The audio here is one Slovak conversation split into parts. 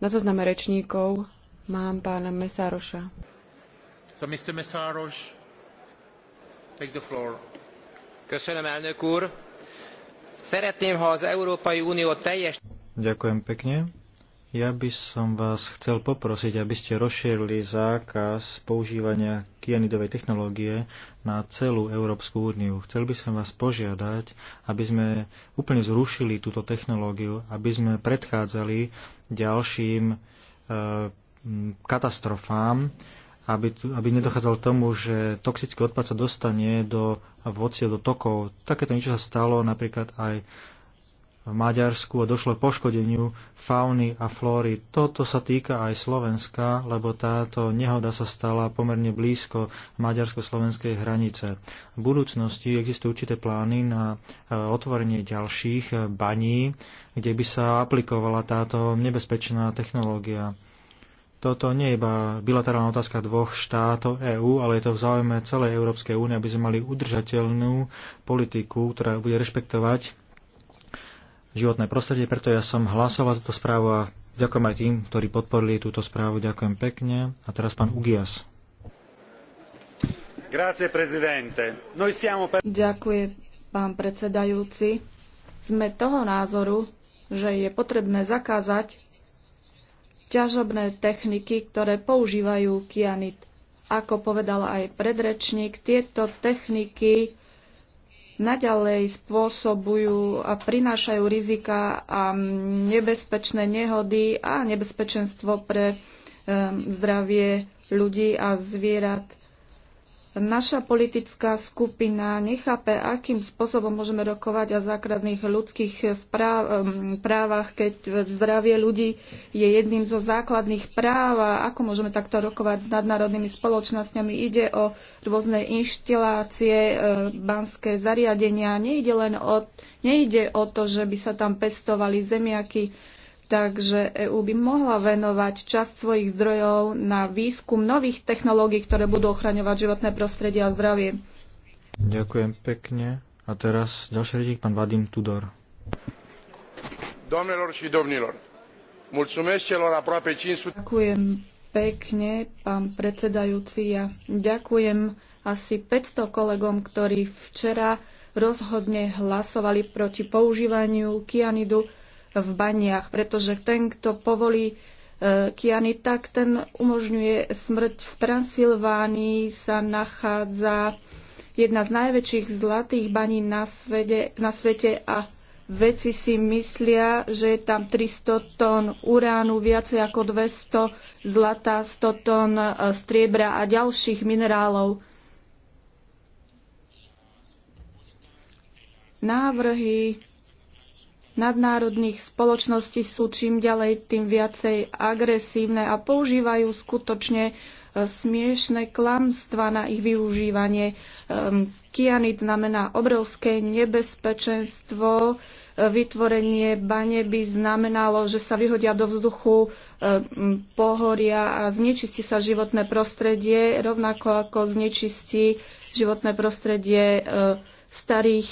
Na zozname rečníkov mám pána Mesároša. So, Mr. Mesároš, take the floor. Köszönöm, elnök úr. Szeretném, ha az Európai Unió teljes... Ďakujem pekne. Ja by som vás chcel poprosiť, aby ste rozšírili zákaz používania kyanidovej technológie na celú Európsku úniu. Chcel by som vás požiadať, aby sme úplne zrušili túto technológiu, aby sme predchádzali ďalším e, katastrofám, aby, tu, aby nedochádzalo k tomu, že toxický odpad sa dostane do vocie, do tokov. Takéto niečo sa stalo napríklad aj v Maďarsku a došlo k poškodeniu fauny a flóry. Toto sa týka aj Slovenska, lebo táto nehoda sa stala pomerne blízko maďarsko-slovenskej hranice. V budúcnosti existujú určité plány na e, otvorenie ďalších e, baní, kde by sa aplikovala táto nebezpečná technológia. Toto nie je iba bilaterálna otázka dvoch štátov EÚ, ale je to v záujme celej Európskej únie, aby sme mali udržateľnú politiku, ktorá bude rešpektovať životné prostredie, preto ja som hlasoval túto správu a ďakujem aj tým, ktorí podporili túto správu. Ďakujem pekne. A teraz pán Ugias. Grazie, siamo... Ďakujem, pán predsedajúci. Sme toho názoru, že je potrebné zakázať ťažobné techniky, ktoré používajú kianit. Ako povedal aj predrečník, tieto techniky naďalej spôsobujú a prinášajú rizika a nebezpečné nehody a nebezpečenstvo pre eh, zdravie ľudí a zvierat. Naša politická skupina nechápe, akým spôsobom môžeme rokovať o základných ľudských správ, um, právach, keď zdravie ľudí je jedným zo základných práv a ako môžeme takto rokovať s nadnárodnými spoločnosťami. Ide o rôzne inštilácie, um, banské zariadenia. Nejde len o, nejde o to, že by sa tam pestovali zemiaky, Takže EÚ by mohla venovať časť svojich zdrojov na výskum nových technológií, ktoré budú ochraňovať životné prostredie a zdravie. Ďakujem pekne. A teraz ďalší riadik, pán Vadim Tudor. Domnilor și domnilor, mulțumesc celor aproape 500... Ďakujem pekne, pán predsedajúci. Ja ďakujem asi 500 kolegom, ktorí včera rozhodne hlasovali proti používaniu kianidu v baniach, pretože ten, kto povolí e, kiany, tak ten umožňuje smrť. V Transylvánii sa nachádza jedna z najväčších zlatých baní na, svete, na svete a vedci si myslia, že je tam 300 tón uránu, viacej ako 200 zlata, 100 tón e, striebra a ďalších minerálov. Návrhy nadnárodných spoločností sú čím ďalej tým viacej agresívne a používajú skutočne e, smiešne klamstva na ich využívanie. E, Kianit znamená obrovské nebezpečenstvo, e, vytvorenie bane by znamenalo, že sa vyhodia do vzduchu pohoria a znečistí sa životné prostredie, rovnako ako znečistí životné prostredie starých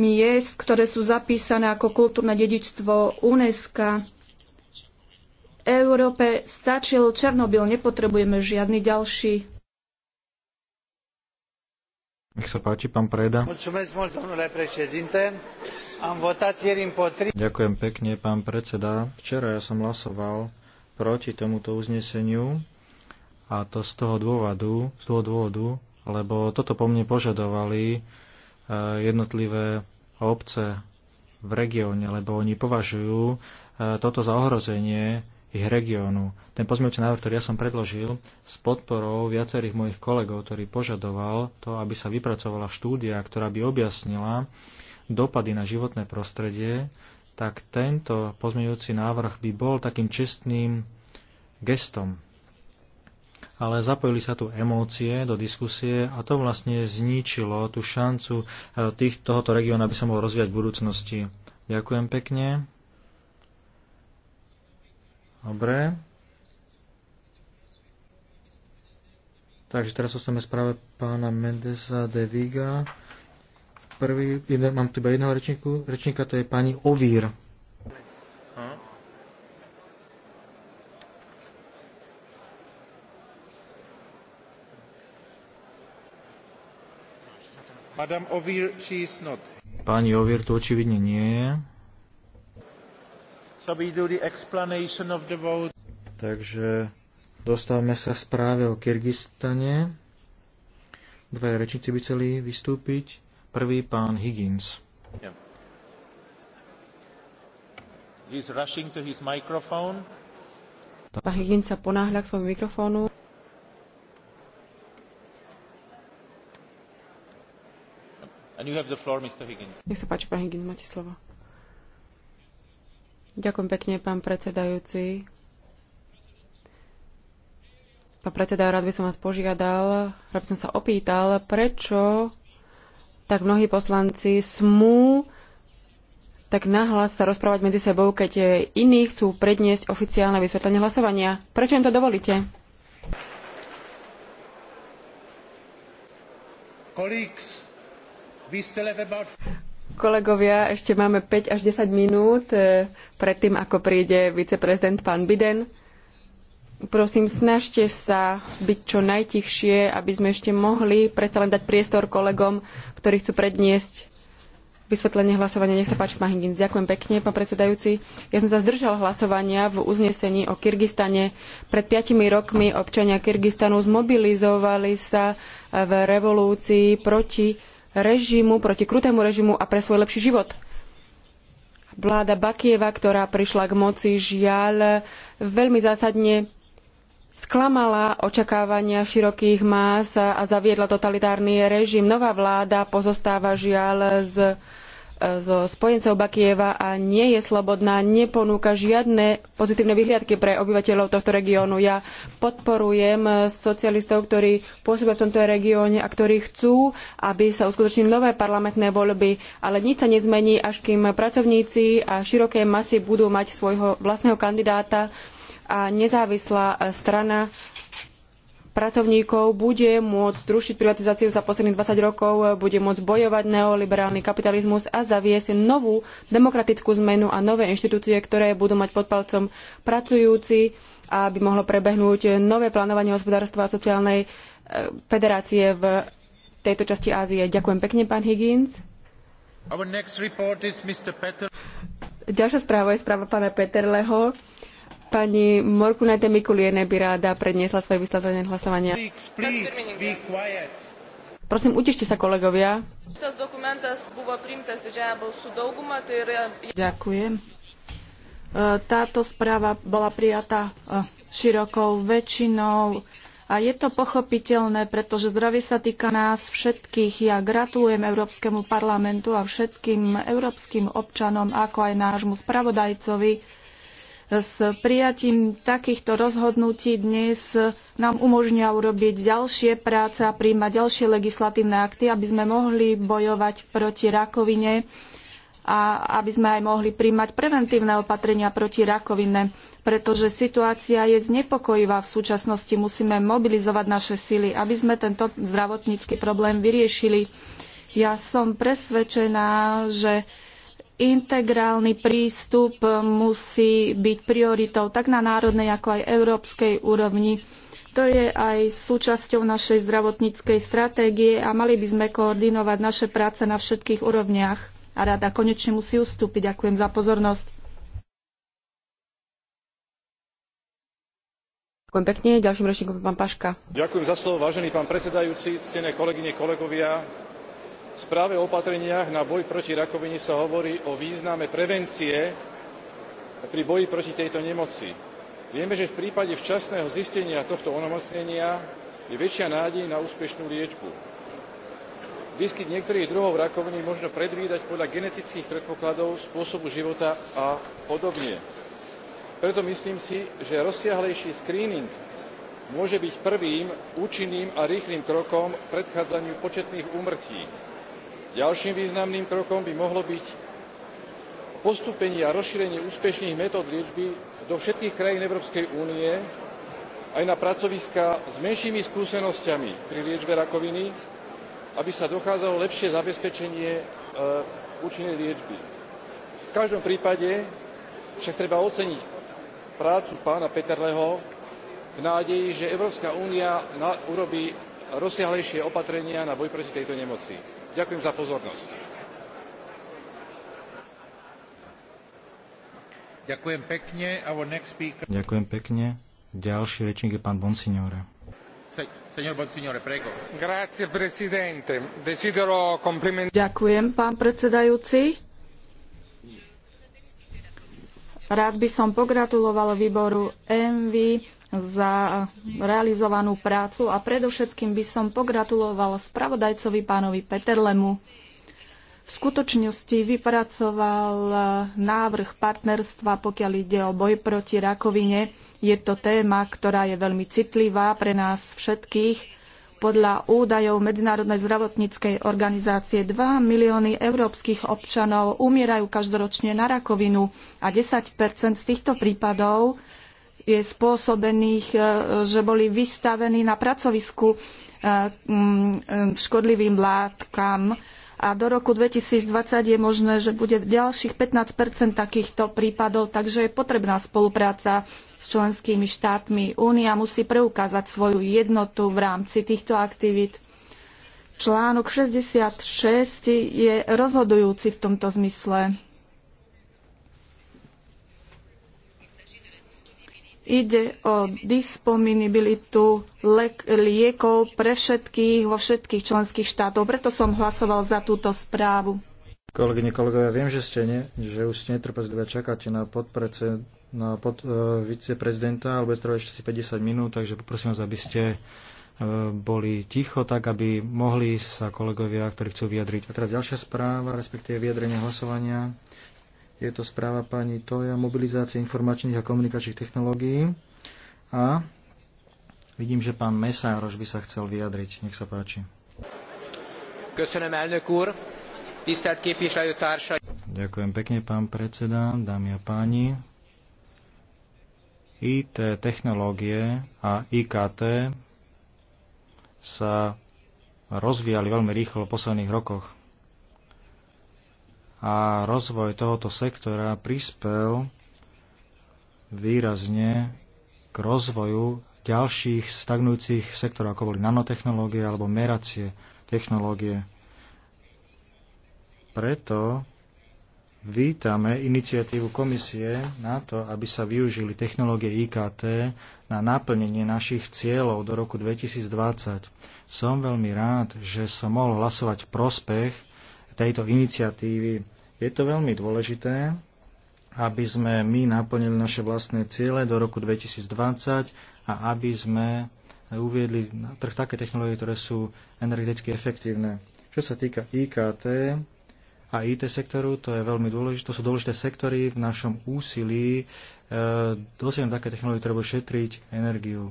miest, ktoré sú zapísané ako kultúrne dedičstvo UNESCO. Európe stačil Černobyl, nepotrebujeme žiadny ďalší. Nech sa páči, pán Preda. Ďakujem pekne, pán predseda. Včera ja som hlasoval proti tomuto uzneseniu a to z toho dôvodu, z toho dôvodu lebo toto po mne požadovali E, jednotlivé obce v regióne, lebo oni považujú e, toto za ohrozenie ich regiónu. Ten pozmeňujúci návrh, ktorý ja som predložil, s podporou viacerých mojich kolegov, ktorý požadoval to, aby sa vypracovala štúdia, ktorá by objasnila dopady na životné prostredie, tak tento pozmeňujúci návrh by bol takým čestným gestom ale zapojili sa tu emócie do diskusie a to vlastne zničilo tú šancu eh, tých, tohoto regióna, aby sa mohol rozvíjať v budúcnosti. Ďakujem pekne. Dobre. Takže teraz ostaneme správe pána Mendesa de Viga. Prvý, jedne, mám tu iba jedného rečníka, to je pani Ovír. Madame Ovir, she is not. Pani Ovir tu očividne nie je. So we do the explanation of the vote. Takže dostávame sa správe o Kyrgyzstane. Dva rečníci by chceli vystúpiť. Prvý pán Higgins. Yeah. He's rushing to his microphone. Pán Higgins sa ponáhľa k svojmu mikrofónu. Nech sa páči, pán Higgins, máte slovo. Ďakujem pekne, pán predsedajúci. Pán predseda, rád by som vás požiadal, rád by som sa opýtal, prečo tak mnohí poslanci smú tak nahlas sa rozprávať medzi sebou, keď iní chcú predniesť oficiálne vysvetlenie hlasovania. Prečo im to dovolíte? Colleagues, Kolegovia, ešte máme 5 až 10 minút e, predtým, ako príde viceprezident pán Biden. Prosím, snažte sa byť čo najtichšie, aby sme ešte mohli predsa len dať priestor kolegom, ktorí chcú predniesť vysvetlenie hlasovania. Nech sa páči, pán Higgins. Ďakujem pekne, pán predsedajúci. Ja som sa zdržal hlasovania v uznesení o Kyrgyzstane. Pred piatimi rokmi občania Kyrgyzstanu zmobilizovali sa v revolúcii proti režimu, proti krutému režimu a pre svoj lepší život. Vláda Bakieva, ktorá prišla k moci, žiaľ, veľmi zásadne sklamala očakávania širokých más a zaviedla totalitárny režim. Nová vláda pozostáva žiaľ z so spojencov Bakieva a nie je slobodná, neponúka žiadne pozitívne vyhliadky pre obyvateľov tohto regiónu. Ja podporujem socialistov, ktorí pôsobia v tomto regióne a ktorí chcú, aby sa uskutočnili nové parlamentné voľby, ale nič sa nezmení, až kým pracovníci a široké masy budú mať svojho vlastného kandidáta a nezávislá strana pracovníkov bude môcť zrušiť privatizáciu za posledných 20 rokov, bude môcť bojovať neoliberálny kapitalizmus a zaviesť novú demokratickú zmenu a nové inštitúcie, ktoré budú mať pod palcom pracujúci, aby mohlo prebehnúť nové plánovanie hospodárstva a sociálnej e, federácie v tejto časti Ázie. Ďakujem pekne, pán Higgins. Ďalšia správa je správa pána Peterleho Pani Morkunete Mikuliene by ráda predniesla svoje vyslovené hlasovania. Prosím, utište sa, kolegovia. Ďakujem. E, táto správa bola prijatá e, širokou väčšinou a je to pochopiteľné, pretože zdravie sa týka nás všetkých. Ja gratulujem Európskemu parlamentu a všetkým európskym občanom, ako aj nášmu spravodajcovi, s prijatím takýchto rozhodnutí dnes nám umožnia urobiť ďalšie práce a príjmať ďalšie legislatívne akty, aby sme mohli bojovať proti rakovine a aby sme aj mohli príjmať preventívne opatrenia proti rakovine, pretože situácia je znepokojivá. V súčasnosti musíme mobilizovať naše sily, aby sme tento zdravotnícky problém vyriešili. Ja som presvedčená, že integrálny prístup musí byť prioritou tak na národnej, ako aj európskej úrovni. To je aj súčasťou našej zdravotníckej stratégie a mali by sme koordinovať naše práce na všetkých úrovniach. A rada konečne musí ustúpiť. Ďakujem za pozornosť. Ďakujem pekne. Ďalším rečníkom je pán Paška. Ďakujem za slovo, vážený pán predsedajúci, ctené kolegyne, kolegovia správe o opatreniach na boj proti rakovine sa hovorí o význame prevencie pri boji proti tejto nemoci. vieme že v prípade včasného zistenia tohto onemocnenia je väčšia nádej na úspešnú liečbu. výskyt niektorých druhov rakoviny možno predvídať podľa genetických predpokladov spôsobu života a podobne. preto myslím si že rozsiahlejší skríning môže byť prvým účinným a rýchlym krokom k predchádzaniu početných úmrtí ďalším významným krokom by mohlo byť postúpenie a rozšírenie úspešných metód liečby do všetkých krajín európskej únie aj na pracoviská s menšími skúsenosťami pri liečbe rakoviny aby sa dochádzalo lepšie zabezpečenie e, účinnej liečby. v každom prípade však treba oceniť prácu pána peterleho v nádeji že európska únia urobí rozsiahlejšie opatrenia na boj proti tejto nemoci. Ďakujem za pozornosť. Ďakujem pekne. Our next speaker... Ďakujem pekne. Ďalší rečník je pán Bonsignore. Ďakujem, pán predsedajúci. Rád by som pogratuloval výboru ENVY za realizovanú prácu a predovšetkým by som pogratuloval spravodajcovi pánovi Peterlemu. V skutočnosti vypracoval návrh partnerstva, pokiaľ ide o boj proti rakovine. Je to téma, ktorá je veľmi citlivá pre nás všetkých. Podľa údajov Medzinárodnej zdravotníckej organizácie 2 milióny európskych občanov umierajú každoročne na rakovinu a 10 z týchto prípadov je spôsobených, e, že boli vystavení na pracovisku e, škodlivým látkam. A do roku 2020 je možné, že bude ďalších 15 takýchto prípadov, takže je potrebná spolupráca s členskými štátmi. Únia musí preukázať svoju jednotu v rámci týchto aktivít. Článok 66 je rozhodujúci v tomto zmysle. Ide o disponibilitu liekov pre všetkých vo všetkých členských štátoch. Preto som hlasoval za túto správu. Kolegyne, kolegovia, viem, že, ste ne, že už ste netrpezlivé čakáte na podprece, na pod, uh, viceprezidenta, alebo je ešte si 50 minút, takže poprosím vás, aby ste e, boli ticho, tak aby mohli sa kolegovia, ktorí chcú vyjadriť. A teraz ďalšia správa, respektíve vyjadrenie hlasovania je to správa pani Toja, mobilizácia informačných a komunikačných technológií. A vidím, že pán Mesároš by sa chcel vyjadriť. Nech sa páči. Köszönöm, elnök úr. Tisztelt Ďakujem pekne, pán predseda, dámy a páni. IT technológie a IKT sa rozvíjali veľmi rýchlo v posledných rokoch a rozvoj tohoto sektora prispel výrazne k rozvoju ďalších stagnujúcich sektorov, ako boli nanotechnológie alebo meracie technológie. Preto vítame iniciatívu komisie na to, aby sa využili technológie IKT na naplnenie našich cieľov do roku 2020. Som veľmi rád, že som mohol hlasovať prospech tejto iniciatívy. Je to veľmi dôležité, aby sme my naplnili naše vlastné ciele do roku 2020 a aby sme uviedli na trh také technológie, ktoré sú energeticky efektívne. Čo sa týka IKT a IT sektoru, to je veľmi dôležité. To sú dôležité sektory v našom úsilí e, dosiahnuť také technológie, ktoré budú šetriť energiu.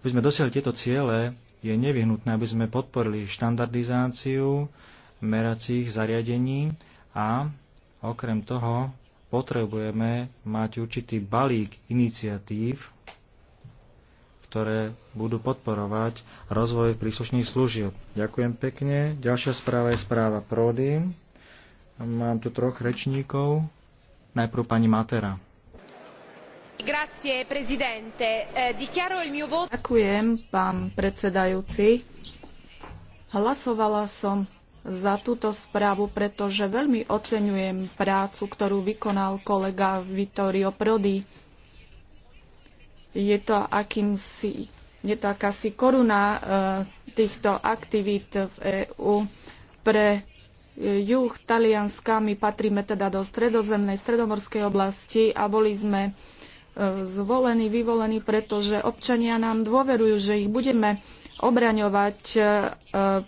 Aby sme dosiahli tieto ciele, je nevyhnutné, aby sme podporili štandardizáciu, meracích zariadení a okrem toho potrebujeme mať určitý balík iniciatív, ktoré budú podporovať rozvoj príslušných služieb. Ďakujem pekne. Ďalšia správa je správa Prody. Mám tu troch rečníkov. Najprv pani Matera. Eh, Ďakujem, pán predsedajúci. Hlasovala som za túto správu, pretože veľmi oceňujem prácu, ktorú vykonal kolega Vittorio Prodi. Je to, akýmsi, je to akási koruna e, týchto aktivít v EÚ pre e, juh Talianska. My patríme teda do stredozemnej, stredomorskej oblasti a boli sme e, zvolení, vyvolení, pretože občania nám dôverujú, že ich budeme obraňovať e,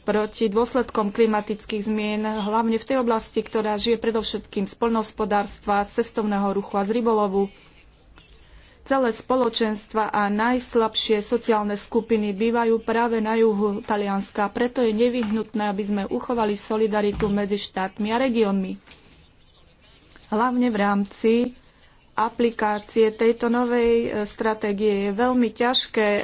proti dôsledkom klimatických zmien, hlavne v tej oblasti, ktorá žije predovšetkým z polnohospodárstva, z cestovného ruchu a z rybolovu. Celé spoločenstva a najslabšie sociálne skupiny bývajú práve na juhu Talianska, preto je nevyhnutné, aby sme uchovali solidaritu medzi štátmi a regiónmi. Hlavne v rámci aplikácie tejto novej e, stratégie. Je veľmi ťažké e,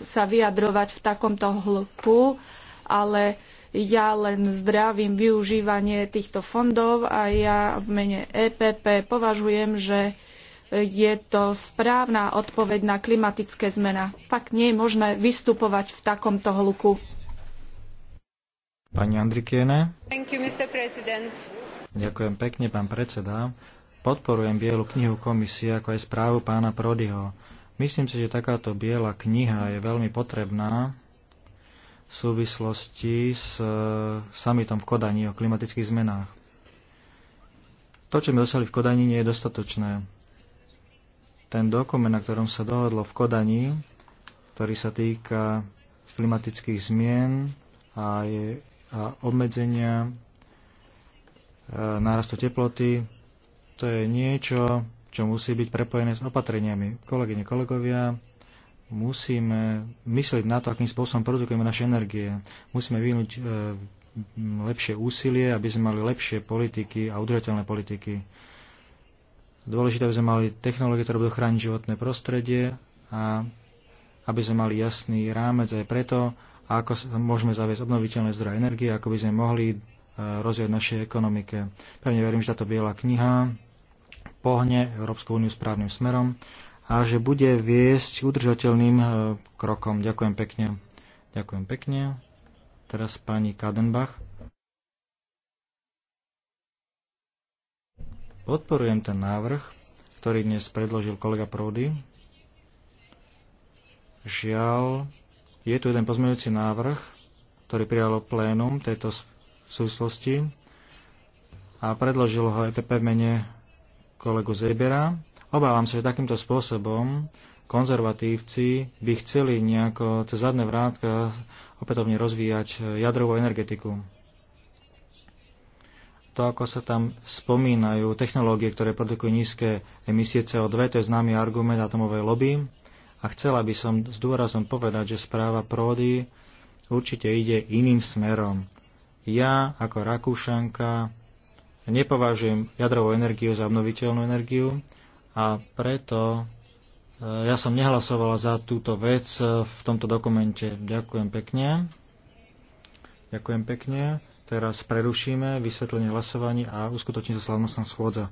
sa vyjadrovať v takomto hĺbku, ale ja len zdravím využívanie týchto fondov a ja v mene EPP považujem, že je to správna odpoveď na klimatické zmena. Fakt nie je možné vystupovať v takomto hluku. Pani Andrikiene. You, Ďakujem pekne, pán predseda podporujem bielu knihu komisie, ako aj správu pána Prodyho. Myslím si, že takáto biela kniha je veľmi potrebná v súvislosti s e, samitom v Kodani o klimatických zmenách. To, čo sme dosiahli v Kodani, nie je dostatočné. Ten dokument, na ktorom sa dohodlo v Kodani, ktorý sa týka klimatických zmien a, je, a obmedzenia e, nárastu teploty, to je niečo, čo musí byť prepojené s opatreniami. Kolegyne, kolegovia, musíme myslieť na to, akým spôsobom produkujeme naše energie. Musíme vyhnúť e, lepšie úsilie, aby sme mali lepšie politiky a udržateľné politiky. Dôležité, aby sme mali technológie, ktoré budú chrániť životné prostredie a aby sme mali jasný rámec aj preto, ako môžeme zaviesť obnoviteľné zdroje energie, ako by sme mohli rozvieť našej ekonomike. Pevne verím, že táto biela kniha pohne Európsku úniu správnym smerom a že bude viesť udržateľným e, krokom. Ďakujem pekne. Ďakujem pekne. Teraz pani Kadenbach. Podporujem ten návrh, ktorý dnes predložil kolega Prody. Žiaľ, je tu jeden pozmeňujúci návrh, ktorý prijalo plénum tejto súvislosti a predložil ho EPP v mene kolegu Zebera. Obávam sa, že takýmto spôsobom konzervatívci by chceli nejako cez zadné vrátka opätovne rozvíjať e, jadrovú energetiku. To, ako sa tam spomínajú technológie, ktoré produkujú nízke emisie CO2, to je známy argument atomovej lobby. A chcela by som s dôrazom povedať, že správa Prody určite ide iným smerom. Ja ako Rakúšanka nepovažujem jadrovú energiu za obnoviteľnú energiu a preto eh, ja som nehlasovala za túto vec eh, v tomto dokumente. Ďakujem pekne. Ďakujem pekne. Teraz prerušíme vysvetlenie hlasovania a uskutoční sa slavnostná schôdza.